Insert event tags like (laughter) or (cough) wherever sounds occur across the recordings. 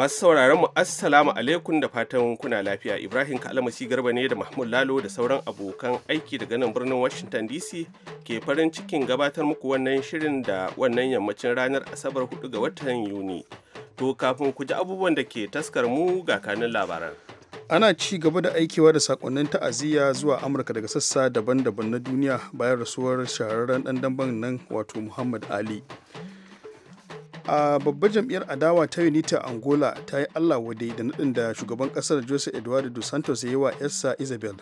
masu sauraron mu assalamu alaikum da fatan kuna lafiya ibrahim kalmasi garba ne da mahmud lalo da sauran abokan aiki daga nan birnin washington dc ke farin cikin gabatar muku wannan shirin da wannan yammacin ranar asabar 4 ga watan yuni to kafin ku ji abubuwan da ke taskar mu ga kanin labaran ana ci gaba da aikewa da sakonnin ta'aziyya zuwa amurka daga sassa daban-daban na duniya bayan rasuwar shahararren dan damben nan wato muhammad ali a babbar jam'iyyar adawa ta unita angola ta yi allah wadai da nadin da shugaban kasar jose eduardo dos santos ya yi wa yarsa isabel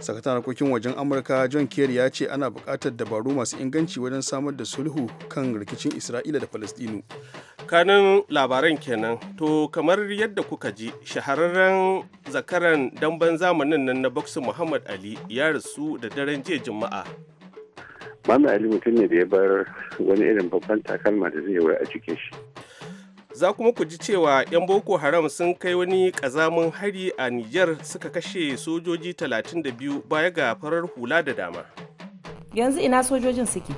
sakataren harkokin wajen amurka john kerry ya ce ana buƙatar dabaru masu inganci wajen samar da sulhu kan rikicin isra'ila da palestinu. kanin labaran kenan to kamar yadda kuka ji shahararren zakaran damben zamanin nan na boxing muhammad ali ya rasu da daren jiya juma'a Mami Ali mutum ne da ya bar wani irin babban takalma da zai wuri a cikin shi. Za kuma ku ji cewa 'yan Boko Haram sun kai wani ƙazamin hari a Nijar suka kashe sojoji 32 baya ga farar hula da dama. Yanzu ina sojojin suke?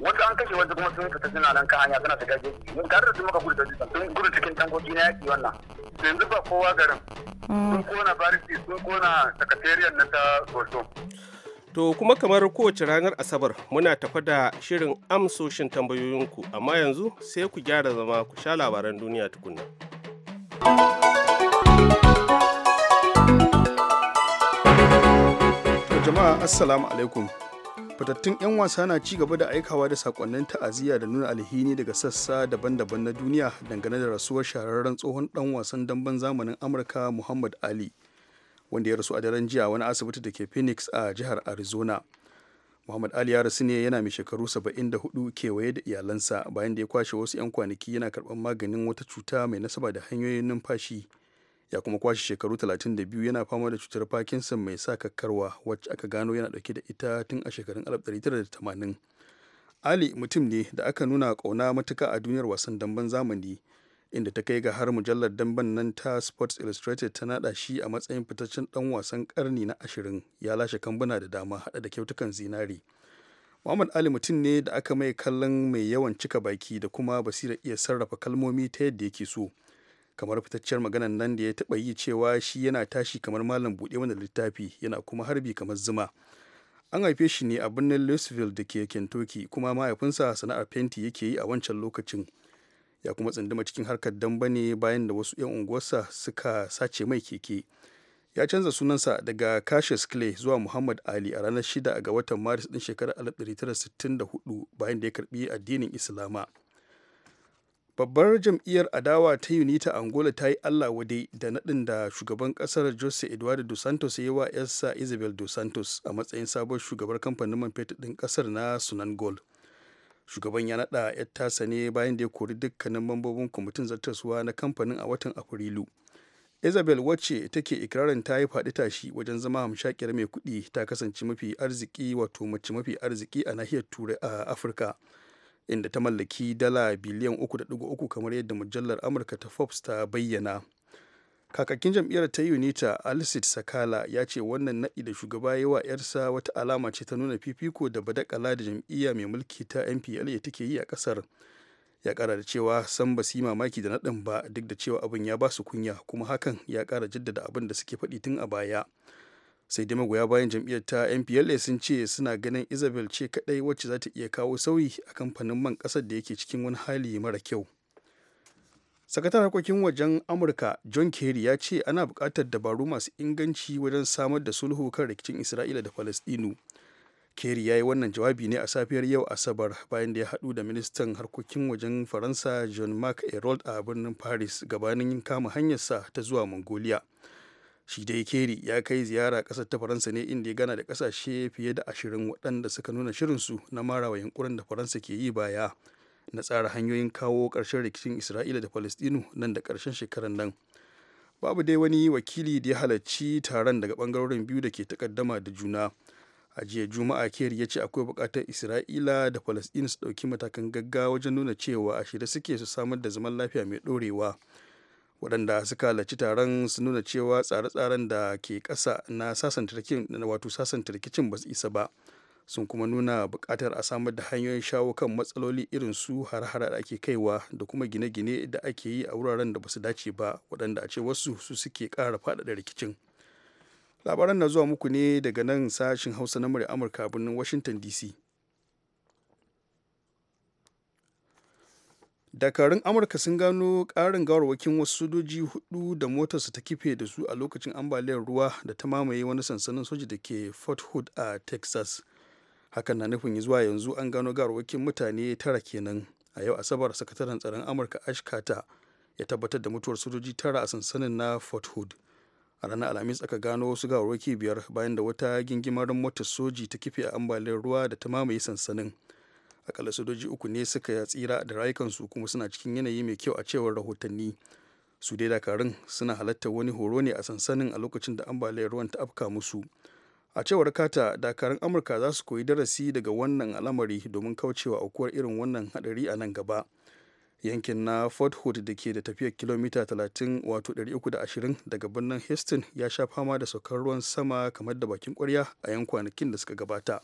Wata an kashe wata kuma sun fita suna nan kan hanya suna shiga jeji. Mun kare da su muka gudu da sun gudu cikin tankoki na yaƙi wannan. Yanzu ba kowa garin. Sun hmm. kona bariki sun kona sakatariyar na ta Gosho. To kuma kamar kowace ranar Asabar muna tafa da shirin amsoshin tambayoyinku amma yanzu sai ku gyara zama ku sha labaran duniya tukunna. jama'a assalamu alaikum fatattun 'yan wasa na ci gaba da aikawa da sakonnin ta'aziyya da nuna alhini daga sassa daban-daban na duniya dangane da rasuwar shahararren tsohon dan wasan damben zamanin amurka muhammad ali wanda ya rasu a daren jiya wani asibiti da ke phoenix a jihar arizona muhammad ali ya rasu ne yana mai shekaru 74 kewaye da iyalansa bayan da ya kwashe wasu 'yan kwanaki yana karɓar maganin wata cuta mai nasaba da hanyoyin numfashi ya kuma kwashe shekaru 32 yana fama da cutar parkinson mai sa kakkarwa wacce aka gano yana dauke da ita tun a shekarun 1980 ali mutum ne da aka nuna kauna matuka a duniyar wasan damben zamani inda ta kai ga har mujallar damben nan ta sports illustrated ta nada shi a matsayin fitaccen dan wasan karni na ashirin ya lashe kambuna da dama hada da kyautukan zinari muhammad ali mutum ne da aka mai kallon mai yawan cika baki da kuma basira iya sarrafa kalmomi ta yadda yake so kamar fitacciyar maganan nan da ya taba yi cewa shi yana tashi kamar malam buɗe wanda littafi yana kuma harbi kamar zuma an haife shi ne a birnin louisville da ke kentucky kuma mahaifinsa sana'ar fenti yake yi a wancan lokacin ya kuma tsunduma cikin harkar damba ne bayan da wasu 'yan unguwarsa suka sace mai keke ya canza sunansa daga cassius clay zuwa muhammad ali a ranar 6 ga watan maris din shekarar 1964 bayan da ya karbi addinin islama babbar jam'iyyar adawa ta unita angola ta yi allah wade da naɗin da shugaban ƙasar jose eduardo dos santos ya yi wa yarsa isabel dos santos a matsayin sabon shugabar kamfanin man fetur ɗin ƙasar na sunan gold shugaban ya naɗa 'yar tasa ne bayan da ya kori dukkanin mambobin kwamitin zartaswa na kamfanin a watan afrilu isabel wacce take ikirarin ta yi faɗi tashi wajen zama hamshakiyar mai kuɗi ta kasance mafi arziki wato mace mafi arziki a nahiyar turai a afirka inda ta mallaki dala biliyan 3.3 kamar yadda mujallar amurka ta forbes ta bayyana kakakin jam'iyyar ta unita alcid sakala ya ce wannan naɗi da shugaba ya wa yarsa wata alama ce ta nuna fifiko da badakala da jam'iyya mai mulki ta ya take yi a ƙasar ya kara da cewa san ba su yi mamaki da naɗin ba duk da cewa abin ya ba su kunya kuma hakan ya kara jaddada abin da suke faɗi tun a baya sai dai magoya bayan jam'iyyar ta npla sun ce suna ganin isabel ce kaɗai wacce za ta iya kawo sauyi a kamfanin man ƙasar da yake cikin wani hali mara kyau sakatar harkokin wajen amurka john kerry ya ce ana bukatar dabaru masu inganci wajen samar da sulhu kan rikicin isra'ila da palestinu kerry ya yi wannan jawabi ne a safiyar yau asabar bayan da ya haɗu da ministan harkokin wajen faransa john mark erold a birnin paris gabanin yin kama hanyarsa ta zuwa mongolia shi dai kerry ya kai ziyara ƙasar ta faransa ne inda ya gana da ƙasashe fiye da ashirin waɗanda suka nuna shirinsu na marawa yankuran da faransa ke yi baya na tsara hanyoyin kawo ƙarshen rikicin isra'ila da palestinu nan da ƙarshen shekarar nan babu dai wani wakili da ya halarci taron daga ɓangarorin biyu da ke takaddama da juna a jiya juma'a kiyar ya ce akwai bukatar isra'ila da palestinu su ɗauki matakan gaggawa wajen nuna cewa a shirye suke su samar da zaman lafiya mai ɗorewa waɗanda suka halarci taron su nuna cewa tsare-tsaren da ke ƙasa na wato sasanta rikicin ba su isa ba sun kuma nuna bukatar a samar da hanyoyin shawo kan matsaloli irin su har hare da ake kaiwa da kuma gine-gine da ake yi a wuraren da basu dace ba waɗanda a ce wasu su suke ƙara faɗaɗa rikicin labaran na zuwa muku ne daga nan sashin hausa na murya amurka a birnin washington dc dakarun amurka sun gano ƙarin gawarwakin wasu sojoji hudu da motarsa ta kife da su a lokacin ambaliyar ruwa da ta mamaye wani sansanin soji da ke fort hood a texas hakan na nufin zuwa yanzu an gano garwakin mutane tara kenan a yau asabar sakataren tsaron amurka ash ya tabbatar da mutuwar sojoji tara a sansanin na fort hood a ranar alhamis aka gano wasu gawarwaki biyar bayan da wata gingimar motar soji ta kife a ambaliyar ruwa da ta mamaye sansanin akalla sojoji uku ne suka tsira da rayukansu kuma suna cikin yanayi mai kyau a cewar rahotanni su dai dakarun suna halartar wani horo ne a sansanin a lokacin da ambaliyar ruwan ta afka musu a cewar kata dakarun amurka za su koyi darasi daga wannan al'amari domin kaucewa aukuwar irin wannan hadari a nan gaba yankin na fort hood da ke da tafiyar kilomita 30 wato 320 daga birnin houston ya sha fama da saukar ruwan sama kamar da bakin kwarya a yan kwanakin da suka gabata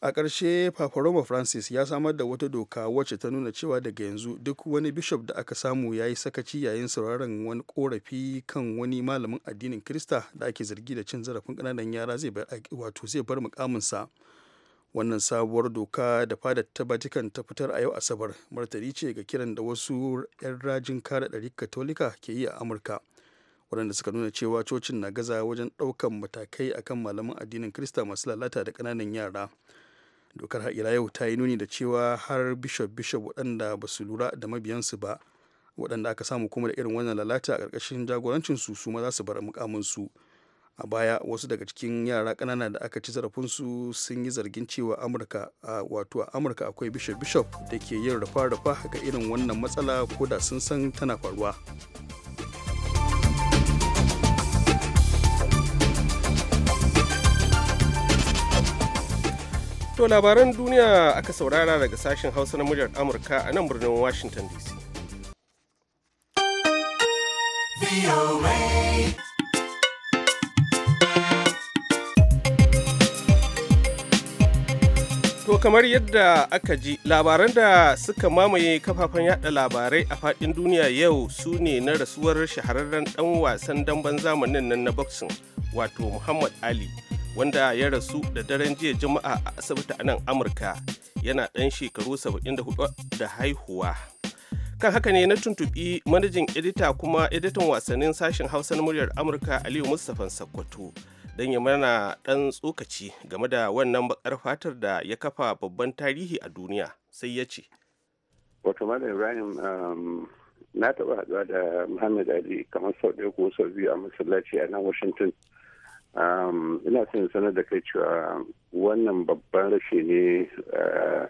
a ƙarshe paparoma francis ya samar da wata doka wacce ta nuna cewa daga yanzu duk wani bishop da aka samu ya yi sakaci yayin sauraron wani korafi kan wani malamin addinin krista da ake zargi da cin zarafin ƙananan yara zai bar wato zai bar mukaminsa wannan sabuwar doka da fadar ta vatican ta fitar a yau asabar martani ce ga kiran da wasu 'yan rajin kare ɗari katolika ke yi a amurka waɗanda suka nuna cewa cocin na gaza wajen ɗaukan matakai akan malaman addinin krista masu lalata da ƙananan yara dokar har ila yau ta yi nuni da cewa har bishop bishop waɗanda ba su lura da mabiyansu ba waɗanda aka samu kuma da irin wannan lalata a ƙarƙashin jagorancinsu su ma za su bar mukaminsu a baya wasu daga cikin yara ƙanana da aka ci su sun yi zargin cewa amurka wato a amurka akwai bishop bishop da ke yin rafa-rafa ga irin wannan matsala ko da sun san tana faruwa To labaran duniya aka saurara daga sashen Hausa na muryar Amurka a nan birnin Washington DC. To kamar yadda aka ji labaran da suka mamaye kafafen yada labarai a fadin duniya yau su ne na rasuwar shahararren dan wasan damben zamanin nan na boxing wato Muhammad Ali. wanda ya rasu da daren jiya juma'a a asibiti a nan amurka yana ɗan shekaru 74 da haihuwa kan haka ne na tuntuɓi manajin edita kuma editan wasannin sashen hausa na muryar amurka aliyu mustapha sakkwato don ya mana ɗan tsokaci game da wannan bakar fatar da ya kafa babban tarihi a duniya sai ya ce wato malam ibrahim um, na taɓa haɗuwa da muhammad ali kamar sau ɗaya ko sau biyu a masallaci a nan washington Um, ina son sanar da kai cewa wannan babban rashi ne uh,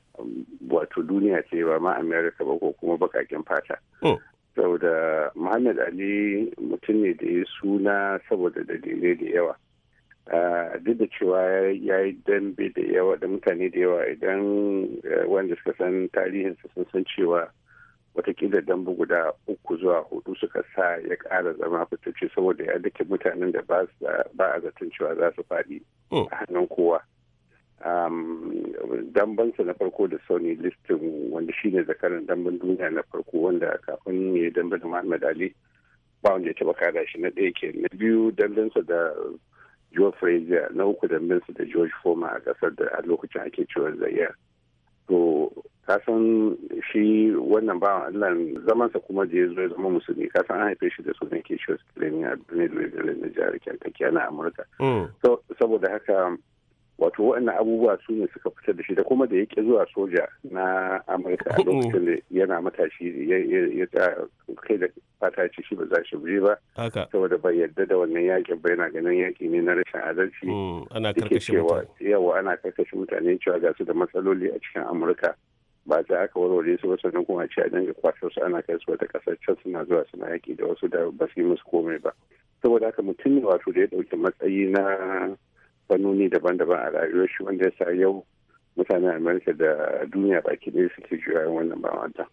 wato duniya ce ba ma america ba ko kuma bakakin fata oh. saboda muhammad ali mutum ne da ya suna saboda dalilai da yawa uh, duk da cewa ya yi dambe da yawa da mutane da yawa idan uh, wanda suka san tarihinsa sun san cewa watakila dambu guda uku zuwa hudu suka sa ya kara zama fitacce saboda ya dake mutanen da ba a zaton cewa za su faɗi oh. a hannun kowa dambansa na farko da sony listin wanda shine zakaran damban duniya na farko wanda kafin ya damba da muhammad ali ba wanda ya taba kada shi na ɗaya ke na biyu dambansa da joe frazier na uku dambansa da george foreman a ƙasar da a lokacin ake cewa zayyar to kasan shi wannan ba Allah zamansa kuma da ya zo ya zama musulmi kasan an haife shi da sunan ke shi wasu a birnin Louisville na jihar Kentucky na Amurka. Mm. Saboda haka wato waɗannan abubuwa su ne suka fitar da shi da kuma da yake zuwa soja na Amurka a lokacin da yana matashi ya kai da fata ce shi ba za shi buje ba. Saboda bai yarda da wannan yakin ba yana ganin yaki ne na rashin adalci. Mm, ana karkashe mutane. Yawa ana karkashe mutane cewa ga su da matsaloli a cikin Amurka. ba za aka warware su ba sannan kuma a ce a dinga kwashe su ana kai su wata kasar can suna zuwa suna yaƙi da wasu da ba su yi musu komai ba saboda haka mutum ne wato da ya ɗauki matsayi na fannoni daban-daban a rayuwar shi wanda ya sa yau mutanen amurka da duniya baki ɗaya suke juyayen wannan ba wata.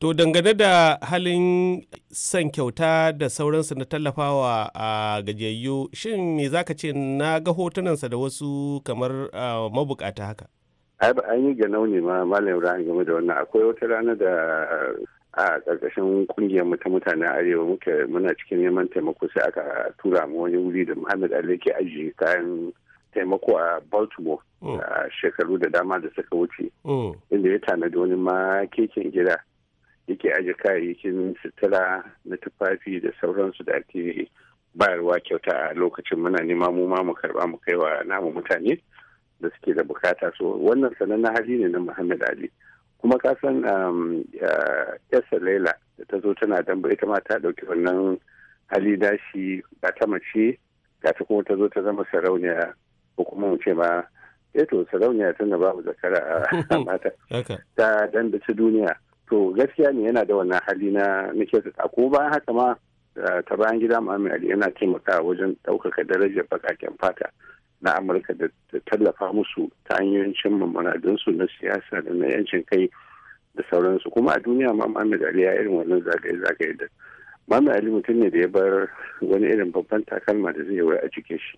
to dangane da halin san kyauta da sauransu na tallafawa a gajiyayyu shin me zaka ce na ga hotunansa da wasu kamar ah, mabukata haka ai an yi ganau ne ma malam ibrahim game da wannan akwai wata rana da a ƙarƙashin ƙungiyar mu ta mutanen arewa muke muna cikin neman taimako sai aka tura mu wani wuri da muhammad ali ke ajiye kayan taimako a baltimore oh. a shekaru da dama da suka wuce oh. inda ya tanadi wani ma keken gida yake aje kayayyakin sutura na tufafi da sauransu da ake bayarwa kyauta a lokacin muna nema mu ma mu karba mu kai wa namu mutane da suke da bukata so wannan sanan na hali ne na muhammad ali kuma ka san um, yasa laila da ta zo tana damba ita ma ta ɗauki wannan hali dashi ba ta mace ga ta kuma ta zo ta zama sarauniya ko kuma mu ce ma eto eh sarauniya tana babu zakara a (laughs) mata ta ta duniya to gaskiya ne yana da wannan hali na nake a ko ba haka ma uh, ta bayan gida mu'amil ali yana taimakawa wajen ɗaukaka darajar bakaken fata na amurka da tallafa musu ta hanyoyin cimma muradunsu na siyasa da na yancin kai da sauransu kuma a duniya ma Muhammad Ali ya irin wannan zagaye-zagaye da Muhammad Ali mutum ne da ya bar wani irin babban takalma da zai wai a cikin shi.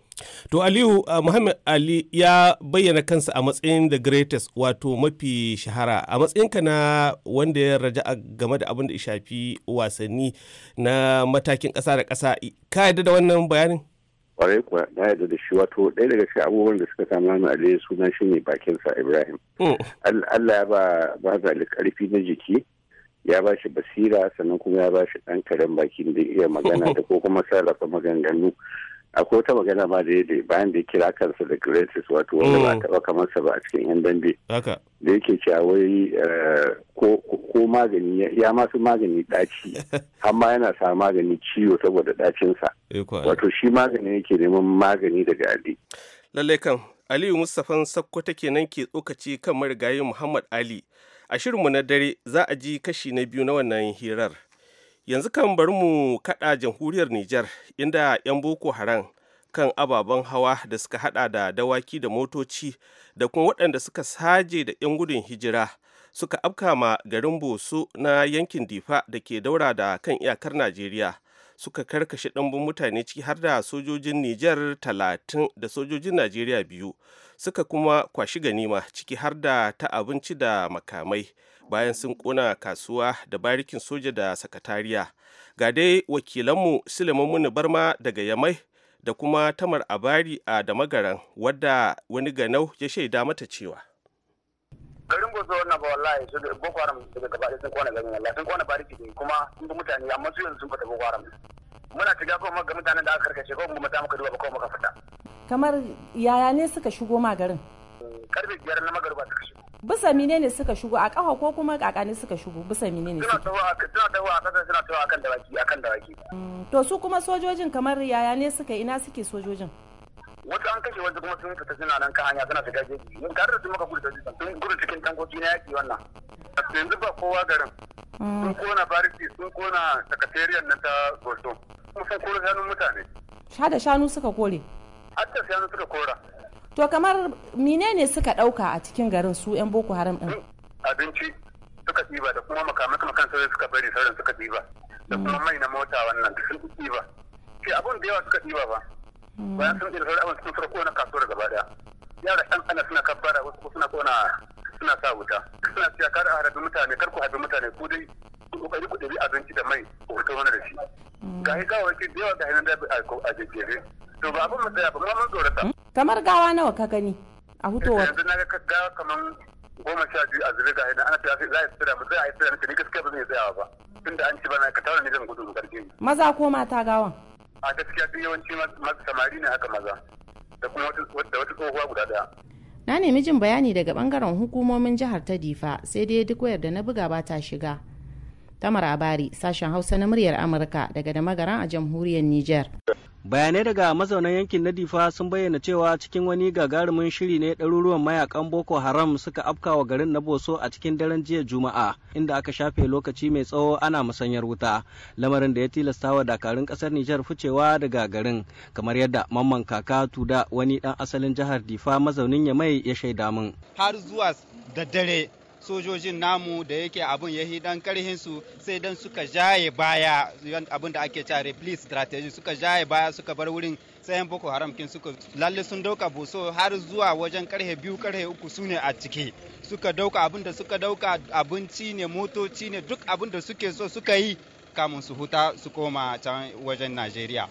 To Aliyu Muhammad Ali ya bayyana kansa a matsayin the greatest wato mafi shahara a matsayinka na wanda ya raja game da abin da ya shafi wasanni na matakin ƙasa da ƙasa ka yadda da wannan bayanin? kwarai kuwa na da shi wato ɗaya daga cikin abubuwan da suka kama mu aliyu suna shi ne bakinsa ibrahim oh. allah ya ba ba karfi na jiki ya ba shi basira sannan kuma ya ba shi ɗan karen bakin da iya magana (laughs) da ko kuma sarrafa maganganu akwai wata magana ma da yadda bayan da ya kira kansa da greatest wato wanda ba oh. taɓa sa ba a cikin yan dambe da yake cewa wai eh, ko magani ya masu magani ɗaci (laughs) amma yana sa magani ciwo saboda ɗacinsa eh, wato shi magani yake neman magani daga ali lallai kan aliyu mustafan sakkwata kenan ke tsokaci kan marigayi muhammad ali a shirinmu na dare za a ji kashi na biyu na wannan hirar yanzu kan bari mu kaɗa jamhuriyar nijar inda 'yan boko haram kan ababen hawa da suka hada da dawaki da motoci da kuma waɗanda suka saje da 'yan gudun hijira suka afka garin boso na yankin difa da ke daura da kan iyakar najeriya suka karkashe ɗanbin mutane ciki har da sojojin nijar talatin da sojojin najeriya biyu suka kuma kwashi ganima ciki har da ta abinci da makamai bayan sun kuna kasuwa da barikin soja da sakatariya ga dai wakilanmu suleiman muni barma daga yamai da kuma tamar abari a damagaran wadda wani ganau ya shaida mata cewa garin gozo wannan ba wallahi su boko haram daga gaba sun kona garin wallahi sun kona bariki ne kuma sun bi mutane amma su yanzu sun fata boko haram muna shiga ko ga mutanen da aka karkace ko mu ta muka duba ba ko muka fita kamar yaya ne suka shigo ma garin karfe biyar na magaruba suka shigo bisa menene suka shigo a kafa ko kuma kakani suka shigo bisa menene suka tana tawa a kasa suna tawa akan dawaki akan dawaki mm, to su kuma sojojin kamar yaya ne suka ina suke sojojin wata an kashe wata kuma sun fita suna nan kan hanya suna shiga jeji mun tare da su muka gudu da sun gudu cikin tankoki na yaki wannan a yanzu ba kowa garin mm. sun kona bariki sun kona sakatariyar nan ta kuma sun kore shanun mutane sha da shanu suka kore hatta shanu suka kora to kamar menene suka dauka a cikin garin su yan boko haram din abinci suka ɗiba da kuma makamaka makan sai suka bari sauran suka ɗiba da kuma mai na mota wannan sun ɗiba ke abun da yawa suka ɗiba ba hmm. bayan sun ɗiba sauran abin sun suka kona kasuwar gaba daya yara ɗan ana suna kabbara wasu suna kona suna sa wuta suna cewa kada a harabi mutane kar ku harabi mutane ku dai ku kokari ku ɗabi abinci da mai ku fito mana da shi hmm. ga shi ke da yawa ga hinan da a jejjere to ba abin mu tsaya ba kuma mun tsorata kamar gawa nawa ka gani a hutowa yanzu na ga gawa kamar goma sha biyu a zirga ga ana tafi za a yi tsira ba za a yi tsira ni gaskiya ba zai yi tsayawa ba tunda an ci bana ka tauna ne zan gudu karfe maza ko mata gawan a gaskiya sun yawanci samari ne haka maza da kuma da wata tsohuwa guda daya na nemi jin bayani daga bangaren hukumomin jihar ta difa sai dai duk wayar da na buga ba ta shiga tamar abari sashen hausa na muryar amurka daga da magaran a jamhuriyar niger bayanai daga mazaunan yankin na difa sun bayyana cewa cikin wani gagarumin shiri ne ɗaruruwan mayakan boko haram suka afkawa garin na boso a cikin daren jiya juma'a inda aka shafe lokaci mai tsawo ana musanyar wuta lamarin da ya tilasta wa dakarun ƙasar nijar ficewa daga garin kamar yadda mamman kaka tuda wani ɗan asalin jihar difa mazaunin yamai ya shaida min har zuwa da dare sojojin namu da yake abun yi dan karhin su sai dan suka jaye baya abun da ake cewa replace strategy suka jaye baya suka bar wurin sayan boko haram kin suka lalle sun dauka boso har zuwa wajen karhe biyu karhe uku su ne a ciki suka dauka abin da suka dauka abinci ne motoci ne duk abin da suke so suka yi kamun su huta su koma wajen najeriya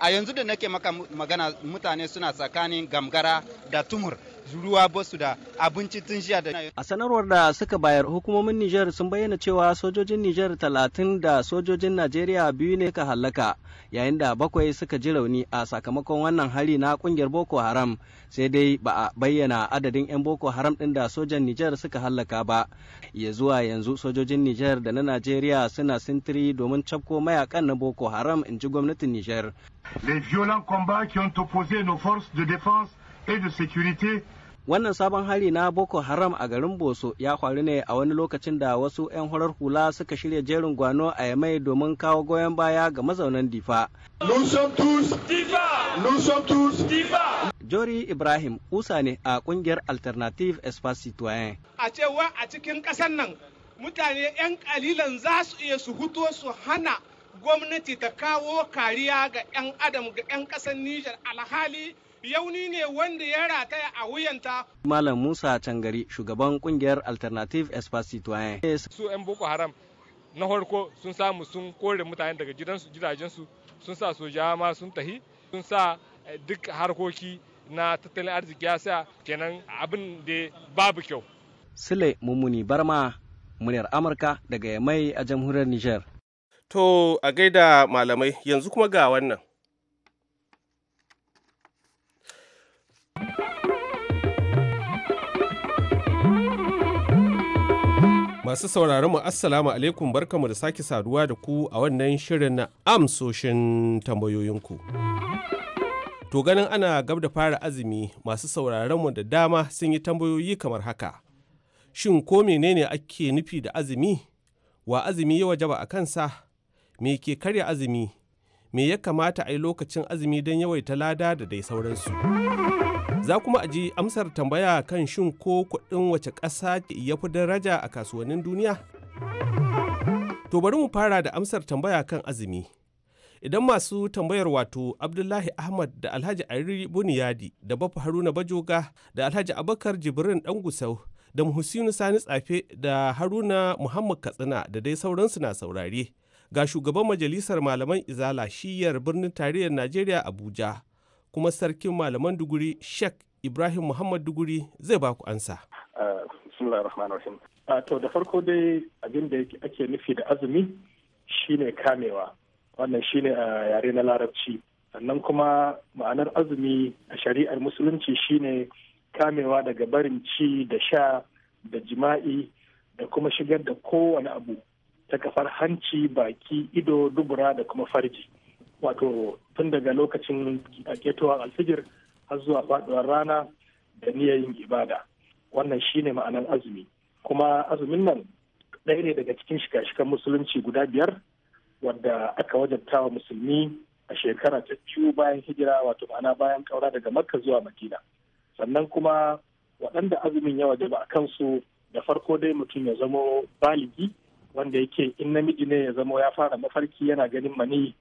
a yanzu da nake maka magana mutane suna tsakanin gamgara da tumur ruwa ba su da abinci tun jiya da a sanarwar da suka bayar hukumomin Nijar sun bayyana cewa sojojin Nijar talatin da sojojin Najeriya biyu ne suka hallaka yayin da bakwai suka ji rauni a sakamakon wannan hari na kungiyar Boko Haram sai dai ba a bayyana adadin 'yan Boko Haram ɗin da sojan Nijar suka hallaka ba ya zuwa yanzu sojojin Nijar da na Najeriya suna sintiri domin cafko mayakan na Boko Haram in ji gwamnatin Nijar. Les violents combats qui ont opposé nos forces de défense security wannan sabon hari na boko haram a garin boso ya faru ne a wani lokacin da wasu 'yan horar hula suka shirya jerin gwano a yamai domin kawo goyon baya ga mazaunan difa jori ibrahim usa ne a kungiyar alternative espace citoyen a cewa a cikin ƙasar nan mutane 'yan kalilan za su iya su huto su hana gwamnati ta kawo kariya ga 'yan adam ga 'yan ƙasar nijar alhali yauni ne wanda ya rataya a wuyanta. Malam Musa Cangari shugaban kungiyar Alternative Espace Su 'yan Boko Haram na farko sun samu sun kore mutane daga gidajensu sun sa soja ma sun tahi sun sa eh, duk harkoki na tattalin arziki ya sa kenan abin da babu kyau. Sule Mummuni Barma muryar Amurka daga Yamai a jamhuriyar Nijar. To a gaida malamai yanzu kuma ga wannan. Masu sauraron mu Assalamu alaikum barkamu da sake saduwa da ku a wannan shirin na amsoshin tambayoyinku. To ganin ana gab da fara azumi masu sauraron mu da dama sun yi tambayoyi kamar haka. Shin ko menene ake nufi da azumi? Wa azumi ya wajaba a kansa? Me ke karya azumi? Me ya kamata a yi lokacin azumi don yawaita lada da dai sauransu? Za kuma a ji amsar tambaya kan shin ko kuɗin wace ƙasa ya fi daraja a kasuwannin duniya? To bari mu fara da amsar tambaya kan azumi. Idan masu tambayar wato Abdullahi Ahmad da Alhaji Ariri Buniyadi da Bafa Haruna Bajoga da Alhaji Abakar Jibrin Dangusau da Muhusinu Sani Tsafe da Haruna Muhammad Katsina da dai sauransu na saurare. Ga shugaban majalisar malaman Izala shiyar birnin tarayyar Najeriya Abuja. kuma sarkin malaman duguri Sheikh Ibrahim Muhammad Duguri zai ba ku ansa. Uh, uh, to da farko dai abin da ake nufi da azumi shine kamewa wannan shine a uh, yare na larabci sannan kuma ma'anar azumi a shari'ar musulunci shine kamewa daga barin ci da sha da jima'i da kuma shigar da kowane abu ta kafar hanci baki ido dubura da kuma farji wato tun daga lokacin ketowar alfijir har zuwa faduwar rana da niyyar yin ibada wannan shine ma'anar azumi kuma azumin nan ɗaya ne daga cikin shika-shikan musulunci guda biyar wadda aka wajabta wa musulmi a shekara ta biyu bayan hijira wato ma'ana bayan kaura daga makka zuwa madina sannan kuma waɗanda azumin ya waje ba a kansu da farko dai mutum ya zamo baligi wanda yake in namiji ne ya zamo ya fara mafarki yana ganin mani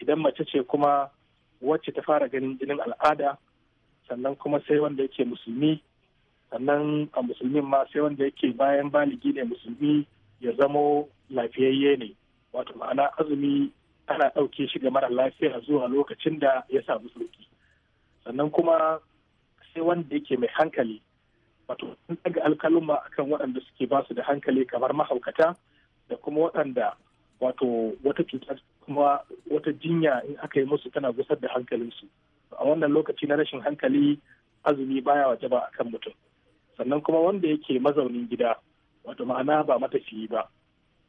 idan mace ce kuma wacce ta fara ganin jinin al'ada sannan kuma sai wanda yake musulmi sannan a musulmin ma sai wanda yake bayan baligi ne musulmi ya zamo lafiyayye ne wato ma'ana azumi ana ɗauke shi ga mara lafiya zuwa lokacin da ya samu sauki sannan kuma sai wanda yake mai hankali wato sun daga alkaluma akan waɗanda suke basu da hankali kamar mahaukata da kuma waɗanda wato wata cuta kuma wata jinya in aka yi musu tana gusar da hankalinsu a wannan lokaci na rashin hankali azumi baya waje ba akan mutum sannan kuma wanda yake mazaunin gida wato ma'ana ba matafiyi ba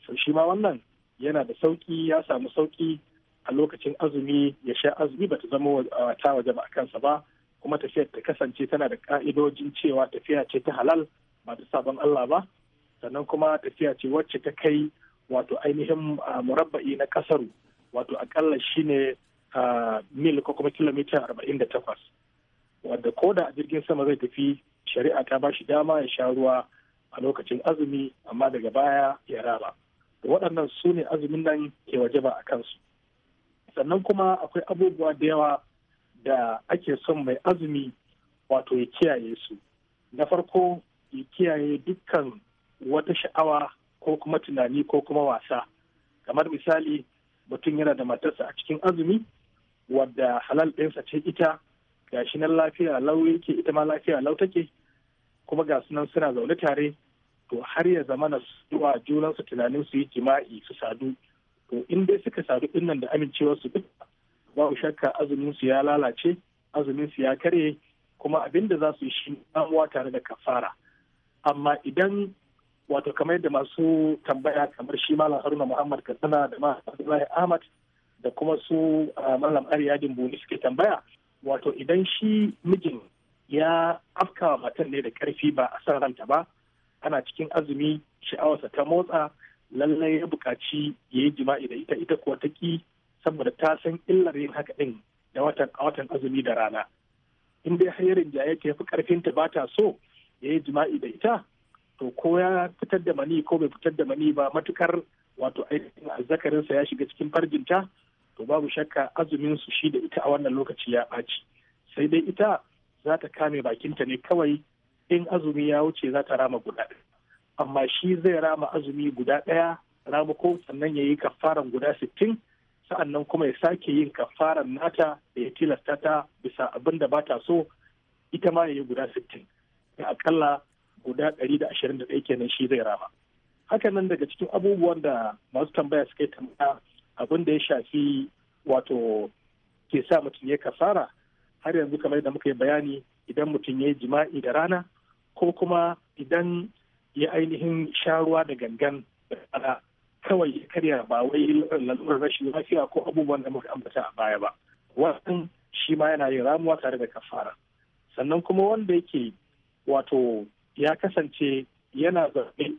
sau shi ma wannan yana da sauki ya samu sauki a lokacin azumi ya sha azumi ba ta zama wata waje ba akansa ba kuma tafiyar ta kasance tana da ka'idojin cewa tafiya ce ta halal ba ta sabon Allah ba sannan kuma tafiya ce wacce ta kai wato ainihin murabba'i na kasaru wato akalla shine mil ko kuma kilomita arba'in da takwas wadda ko da a jirgin sama zai tafi shari'a ta ba shi dama ya sha ruwa a lokacin azumi amma daga baya ya raba da waɗannan su ne azumin nan ke waje ba a kansu sannan kuma akwai abubuwa da yawa da ake son mai azumi wato ya kiyaye su na farko ya kiyaye dukkan wata sha'awa ko kuma tunani ko kuma wasa kamar misali mutum yana da matarsa a cikin azumi wadda halal ɗinsa ce ita ga shi nan lafiya lau yake ita ma lafiya lau take kuma ga sunan suna zaune tare to har ya zama na zuwa junan su tunanin su yi jima'i su sadu to in dai suka sadu din da amincewar su duk babu shakka azumin su ya lalace azumin su ya karye kuma abin da za su yi shi tare da kafara amma idan wato kamar yadda masu tambaya kamar shi malam haruna muhammad katsina da malam abdullahi ahmad da kuma su malam ariyadin buni suke tambaya wato idan shi mijin ya afkawa matan ne da karfi ba a san ranta ba ana cikin azumi sha'awarsa ta motsa lallai ya buƙaci ya yi jima'i da ita ita kuwa ta ki saboda ta san illar yin haka din da watan a watan azumi da rana in dai hayarin da ya fi karfinta ba ta so ya yi jima'i da ita to ko ya fitar da mani ko bai fitar da mani ba matukar wato ainihin azzakarinsa ya shiga cikin farjinta to babu shakka azumin su shi da ita a wannan lokaci ya ɓaci sai dai ita za ta kame bakinta ne kawai in azumi ya wuce za ta rama guda amma shi zai rama azumi guda ɗaya rama ko sannan ya yi kafaran guda sittin sa'annan kuma ya sake yin kafaran nata da ya tilasta ta bisa abin da ba ta so ita ma ya yi guda sittin akalla guda ɗari da ashirin da ɗaya kenan shi zai rama nan daga cikin abubuwan da masu tambaya suka yi tambaya abin da ya shafi wato ke sa mutum ya kasara har yanzu kamar da muka yi bayani idan mutum ya yi jima'i da rana ko kuma idan ya ainihin sha ruwa da gangan da kawai ya karya ba wai lalurar rashin lafiya ko abubuwan da muka ambata a baya ba wannan shi ma yana yin ramuwa tare da kafara sannan kuma wanda yake wato ya kasance yana zaune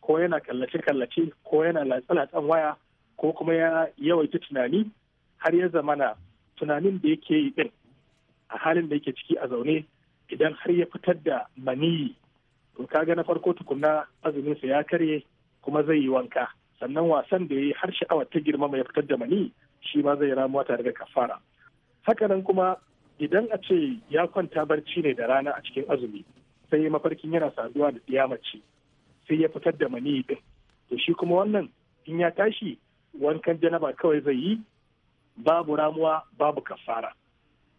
ko yana kallace-kallace ko yana latsa waya ko kuma ya yawaita tunani har ya zamana tunanin da yake yi din a halin da yake ciki a zaune idan har ya fitar da maniyi to kaga na farko tukunna azumin sa ya karye kuma zai yi wanka sannan wasan da ya yi har sha'awar ta girma ya fitar da maniyi shi ma zai ramuwa tare da kafara hakanan kuma idan a ce ya kwanta barci ne da rana a cikin azumi sai mafarkin yana saduwa da ɗiya sai ya fitar da mani din to shi kuma wannan in ya tashi wankan janaba kawai zai yi babu ramuwa babu kafara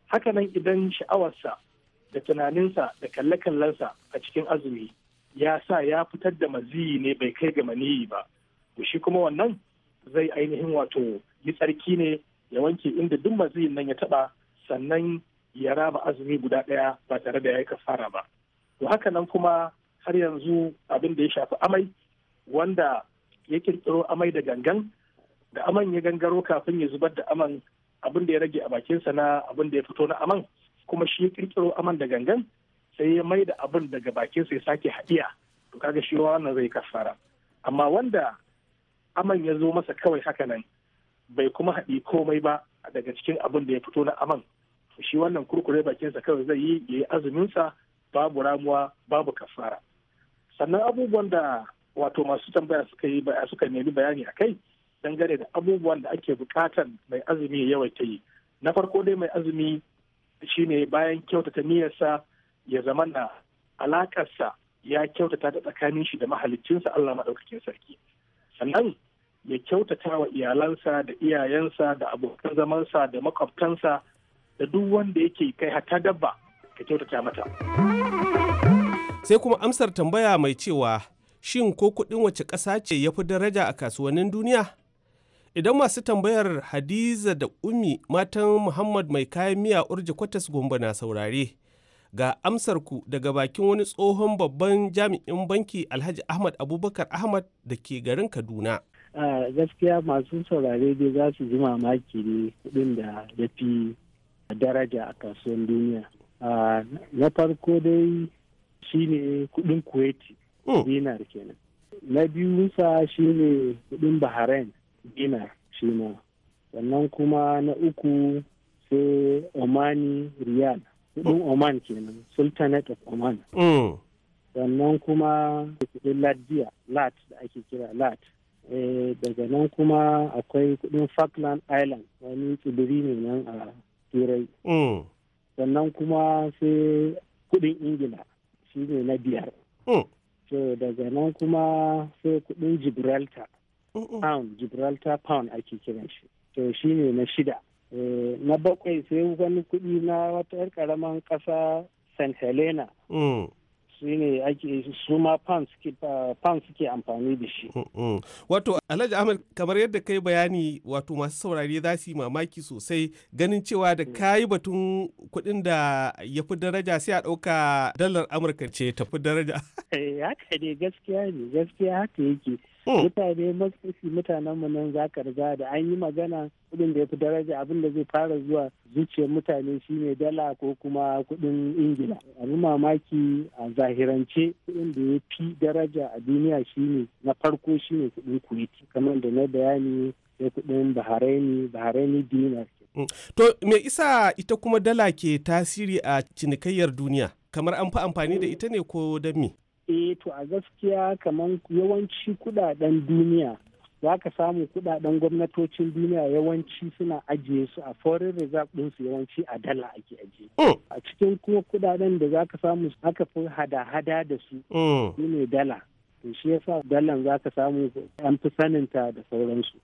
hakanan idan sha'awarsa da tunaninsa da kalle-kallensa a cikin azumi ya sa ya fitar da maziyi ne bai kai ga maniyi ba to shi kuma wannan zai ainihin wato yi tsarki ne ya wanke inda duk maziyin nan ya taba sannan ya raba azumi guda ɗaya ba tare da ya yi kafara ba to haka nan kuma har yanzu abin da ya shafi amai wanda ya kirkiro amai da gangan da aman ya gangaro kafin ya zubar da aman abin da ya rage a bakinsa na abin da ya fito na aman kuma shi ya kirkiro aman da gangan sai ya mai da abin daga bakinsa ya sake haɗiya to kaga shi wannan zai kasara amma wanda aman ya zo masa kawai haka nan bai kuma haɗi komai ba daga cikin abin da ya fito na aman shi wannan kurkure bakinsa kawai zai yi ya yi azuminsa babu ramuwa babu kafara sannan abubuwan da wato masu tambaya suka yi suka nemi bayani a kai dangane da abubuwan da ake bukatan mai azumi yawaita yi na farko dai mai azumi shine bayan kyautata niyyarsa ya zama na alakarsa ya kyautata da tsakanin shi da mahaliccinsa Allah maɗaukakin sarki sannan ya kyautata wa iyalansa da iyayensa da abokan zamansa da makwabtansa da duk wanda yake kai hata dabba ka kyautata mata sai kuma amsar tambaya mai cewa shin ko kuɗin wace ƙasa ce ya fi daraja a kasuwannin duniya idan masu tambayar hadiza da ummi matan muhammad mai kayan miya urji kwatas gombe na saurare ga amsar ku daga bakin wani tsohon babban jami'in banki alhaji ahmad abubakar ahmad da ke garin kaduna gaskiya masu saurare dai za su ji mamaki ne kudin da ya fi daraja a kasuwan duniya na farko dai shine kudin kuwaiti oh. dinar kenan na biyunsa shine kudin bahrain dinar shi ma sannan kuma na uku sai omani riyal kudin oh. oman kenan sultanate of oman oh. sannan kuma kudin latvia lat da ake kira lat eh, daga nan kuma akwai kudin falkland island wani tsibiri ne nan a turai sannan kuma sai kudin ingila shi ne na biyar oh. so daga nan kuma sai kudin gibraltar oh, oh. pound gibraltar pound ake kiran shi to shi ne na shida eh, na bakwai sai wani kudi na wata 'yar karaman kasa st helena shi ne ake su ma fan suke amfani da shi. Mm, mm. Wato Alhaji Ahmed kamar yadda kai bayani wato masu saurari za su yi mamaki sosai ganin cewa da ka yi batun kuɗin da ya fi daraja sai a ɗauka dalar Amurka ce tafi daraja. Eh, haka ne gaskiya ne gaskiya haka yake. Hmm. mutane mafi mutanen mu nan za ka da an yi magana kudin da ya fi daraja abin da zai fara zuwa zuciyar mutane shine dala ko kuma kudin ingila abin mamaki a zahirance kudin da ya fi daraja a duniya shine na farko shine kudin kuwaiti kamar da na bayani sai kudin bahraini bahraini dinar hmm. to me isa ita kuma dala ke tasiri a cinikayyar duniya kamar an fi amfani da hmm. ita ne ko dami? eh to a gaskiya kamar yawanci kudaden duniya za ka samu kudaden gwamnatocin duniya yawanci suna ajiye su a foreign reserve ɗinsu yawanci a dala ake ajiye. Oh. A cikin kuma kudaden da za ka samu aka fi hada-hada da su oh. ne dala. To shi yasa dalan za ka samu an fi saninta da sauransu.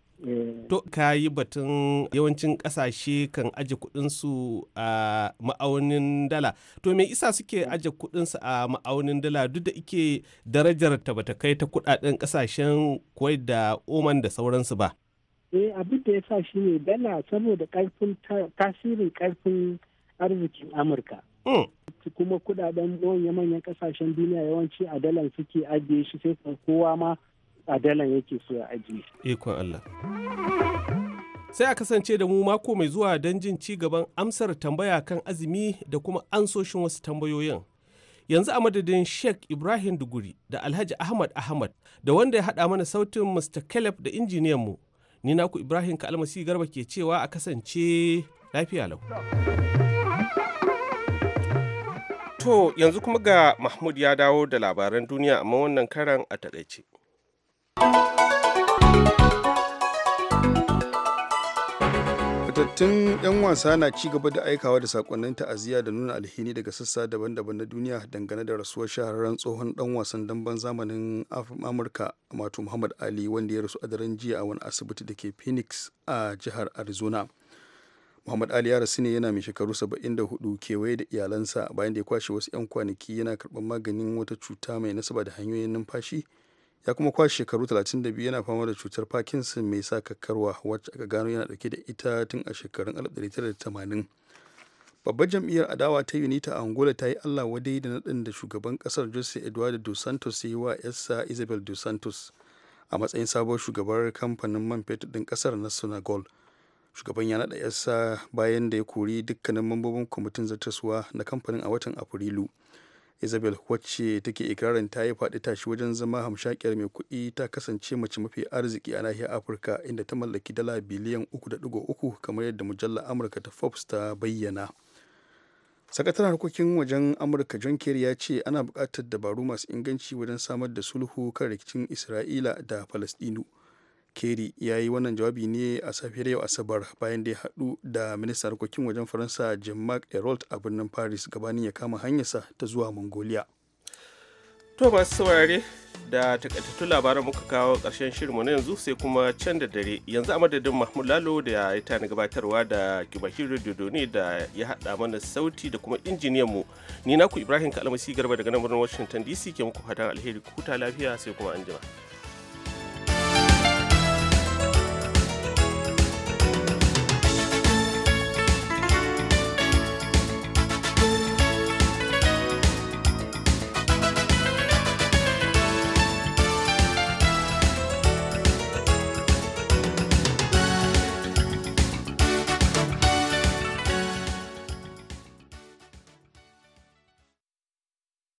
To ka yi batun yawancin kasashe kan aje kudinsu a ma'aunin dala. To me isa suke aje kudinsu a ma'aunin dala duk da ike darajar ta bata kai ta kudaden kasashen kwai da Oman da sauransu ba? Eh abin da ya sa shi ne dala saboda karfin tasirin karfin arzikin Amurka. Hmm. Kuma kudaden manya-manyan kasashen duniya yawanci a dalan suke ajiye shi sai kowa ma a yake so ya ajiye. Ikon Allah. Sai a kasance da mu mako mai zuwa don jin ci gaban amsar tambaya kan azumi da kuma ansoshin wasu tambayoyin. Yanzu a madadin Sheikh Ibrahim Duguri da Alhaji Ahmad Ahmad da wanda ya haɗa mana sautin Mr. Caleb da injiniyan mu. Ni naku Ibrahim Kalmasi Garba ke cewa a kasance lafiya lau. To yanzu kuma ga Mahmud ya dawo da labaran duniya amma wannan karan a takaice. fitattun 'yan wasa na ci gaba da aikawa da sakonnin ta'aziyya da nuna alhini daga sassa daban-daban na duniya dangane da rasuwar shahararren tsohon dan wasan damben zamanin amurka wato muhammad ali wanda ya rasu a daren jiya a wani asibiti da ke phoenix a jihar arizona muhammad ali ya rasu ne yana mai shekaru 74 kewaye da iyalansa bayan da ya kwashe wasu 'yan kwanaki yana karɓar maganin wata cuta mai nasaba da hanyoyin numfashi ya kuma kwashe shekaru 32 yana fama da cutar parkinson mai sa kakkarwa wacce aka gano yana dauke da ita tun a shekarun 1980 babbar jam'iyyar adawa ta unita a angola ta yi allah wadai da naɗin da shugaban kasar jose eduardo dos santos ya yi wa yarsa isabel dos santos a matsayin sabuwar shugabar kamfanin man fetur din kasar na senegal shugaban ya naɗa yarsa bayan da ya kori dukkanin mambobin kwamitin zartaswa na kamfanin a watan afrilu isabel wacce take ikirarin ta yi faɗi tashi wajen zama hamshakiyar mai kuɗi ta kasance mace mafi arziki a nahiyar afirka inda ta mallaki dala biliyan 3.3 kamar yadda mujallar amurka ta forbes ta bayyana sakataren harkokin wajen amurka john kerry ya ce ana bukatar dabaru masu inganci wajen samar da sulhu kan rikicin isra'ila da falastinu kerry ya yi wannan jawabi ne a safiyar yau asabar bayan da ya haɗu da ministan harkokin wajen faransa jean-marc ayrault a birnin paris gabanin ya kama hanyarsa ta zuwa mongolia to masu saurare da takaitattun labaran muka kawo ƙarshen shirin na yanzu sai kuma can da dare yanzu a madadin mahmud lalo da ya yi tani gabatarwa da Radio ne da ya haɗa mana sauti da kuma injiniyan mu ni naku ibrahim kalmasi garba daga nan birnin washington dc ke muku fatan alheri ku lafiya sai kuma anjima.